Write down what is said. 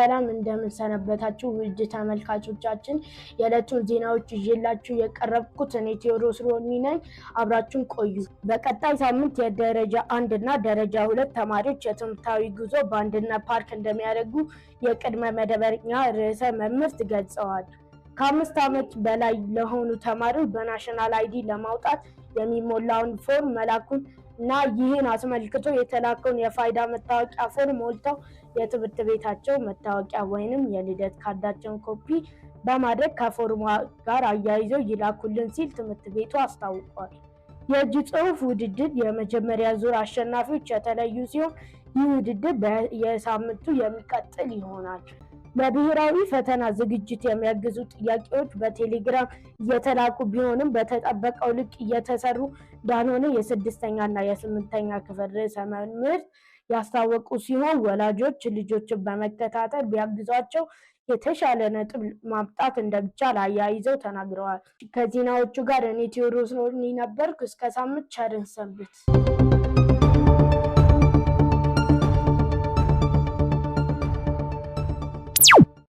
ሰላም እንደምንሰነበታችሁ ውድ ተመልካቾቻችን፣ የዕለቱን ዜናዎች ይዤላችሁ የቀረብኩት እኔ ቴዎድሮስ ሮኒ ነኝ። አብራችሁን ቆዩ። በቀጣይ ሳምንት የደረጃ አንድ እና ደረጃ ሁለት ተማሪዎች የትምህርታዊ ጉዞ በአንድነት ፓርክ እንደሚያደርጉ የቅድመ መደበኛ ርዕሰ መምህርት ገልጸዋል። ከአምስት ዓመት በላይ ለሆኑ ተማሪዎች በናሽናል አይዲ ለማውጣት የሚሞላውን ፎርም መላኩን እና ይህን አስመልክቶ የተላከውን የፋይዳ መታወቂያ ፎርም ሞልተው የትምህርት ቤታቸው መታወቂያ ወይንም የልደት ካርዳቸውን ኮፒ በማድረግ ከፎርሙ ጋር አያይዘው ይላኩልን ሲል ትምህርት ቤቱ አስታውቋል። የእጅ ጽሑፍ ውድድር የመጀመሪያ ዙር አሸናፊዎች የተለዩ ሲሆን ይህ ውድድር በየሳምንቱ የሚቀጥል ይሆናል። ለብሔራዊ ፈተና ዝግጅት የሚያግዙ ጥያቄዎች በቴሌግራም እየተላኩ ቢሆንም በተጠበቀው ልክ እየተሰሩ እንዳልሆነ የስድስተኛ እና የስምንተኛ ክፍል ርዕሰ መምህር ያስታወቁ ሲሆን ወላጆች ልጆችን በመከታተል ቢያግዟቸው የተሻለ ነጥብ ማምጣት እንደሚቻል አያይዘው ተናግረዋል። ከዜናዎቹ ጋር እኔ ቴዎድሮስ ነበርኩ። እስከ ሳምንት ቸርን ሰንብት።